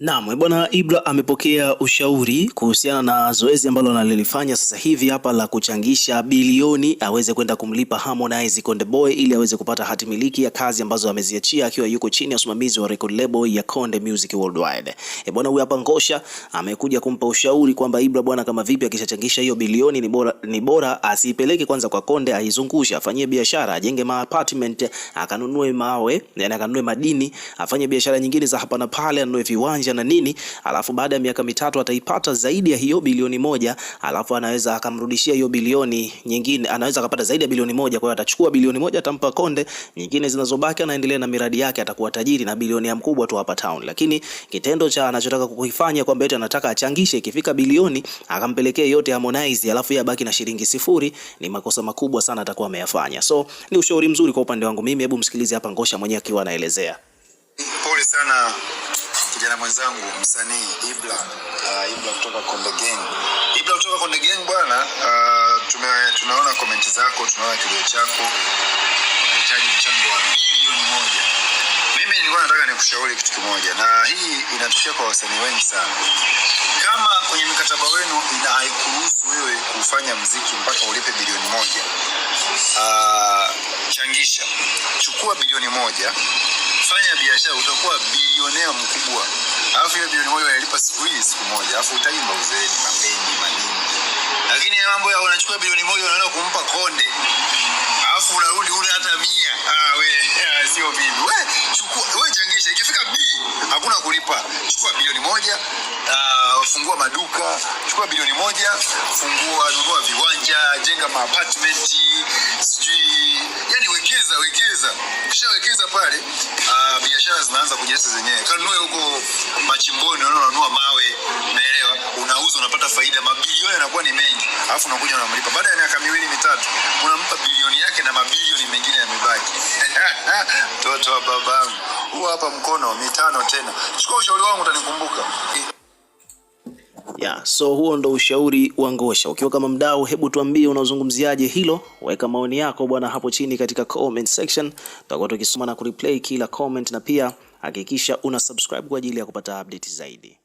Naam, eh, bwana Ibra amepokea ushauri kuhusiana na zoezi ambalo analilifanya sasa hivi hapa la kuchangisha bilioni aweze kwenda kumlipa Harmonize Konde Boy ili aweze kupata hati miliki ya kazi ambazo ameziachia akiwa yuko chini ya usimamizi wa record label ya Konde Music Worldwide. E, bwana huyu hapa Ngosha amekuja kumpa ushauri kwamba Ibra bwana, kama vipi akishachangisha hiyo bilioni ni bora, ni bora asiipeleke kwanza kwa Konde, aizungushe, afanyie biashara, ajenge ma apartment, akanunue mawe, yani akanunue madini, afanye biashara nyingine za hapa na pale, anunue viwanja atavunja na nini, alafu baada ya miaka mitatu ataipata zaidi ya hiyo bilioni moja, alafu anaweza akamrudishia hiyo bilioni nyingine, anaweza akapata zaidi ya bilioni moja. Kwa hiyo atachukua bilioni moja atampa Konde, nyingine zinazobaki anaendelea na miradi yake, atakuwa tajiri na bilionia mkubwa tu hapa town. Lakini kitendo cha anachotaka kukifanya kwamba eti anataka achangishe ikifika bilioni akampelekea yote Harmonize, alafu yeye abaki na shilingi sifuri, ni makosa makubwa sana atakuwa ameyafanya. So ni ushauri mzuri kwa upande wangu mimi. Hebu msikilize hapa Ngosha mwenyewe akiwa anaelezea. Pole sana kijana mwenzangu msanii Ibla, uh, Ibla kutoka Konde Gang. Ibla kutoka Konde Gang bwana, uh, tunaona komenti zako, tunaona kilio chako, unahitaji mchango wa milioni moja. Mimi nilikuwa nataka nikushauri kitu kimoja, na hii inatokea kwa wasanii wengi sana. Kama kwenye mkataba wenu ina haikuruhusu wewe kufanya mziki mpaka ulipe bilioni moja, uh, changisha, chukua bilioni moja ukifanya biashara utakuwa bilionea mkubwa, alafu hiyo bilioni moja unalipa siku hii siku moja, alafu utaji mauzeni mapendi manini. Lakini mambo ya unachukua bilioni moja unaenda kumpa konde, alafu unarudi ule hata mia. Ah, we ah, sio vipi we, chukua we, changisha ikifika B hakuna kulipa, chukua bilioni moja uh, fungua maduka, chukua bilioni moja fungua, nunua viwanja, jenga ma sijui pale uh, biashara zinaanza kujesa zenyewe. Kanunue huko machimboni, unanunua mawe, naelewa unauza, unapata faida, mabilioni yanakuwa ni mengi, alafu unakuja unamlipa baada ya miaka miwili mitatu, unampa bilioni yake na mabilioni mengine yamebaki. Mtoto wa babangu, huu hapa mkono mitano tena. Chukua ushauri wangu, utanikumbuka. Yeah, so huo ndo ushauri wa Ngosha. Ukiwa kama mdau, hebu tuambie unazungumziaje hilo, weka maoni yako bwana hapo chini katika comment section, tutakuwa tukisoma na kureplay kila comment, na pia hakikisha una subscribe kwa ajili ya kupata update zaidi.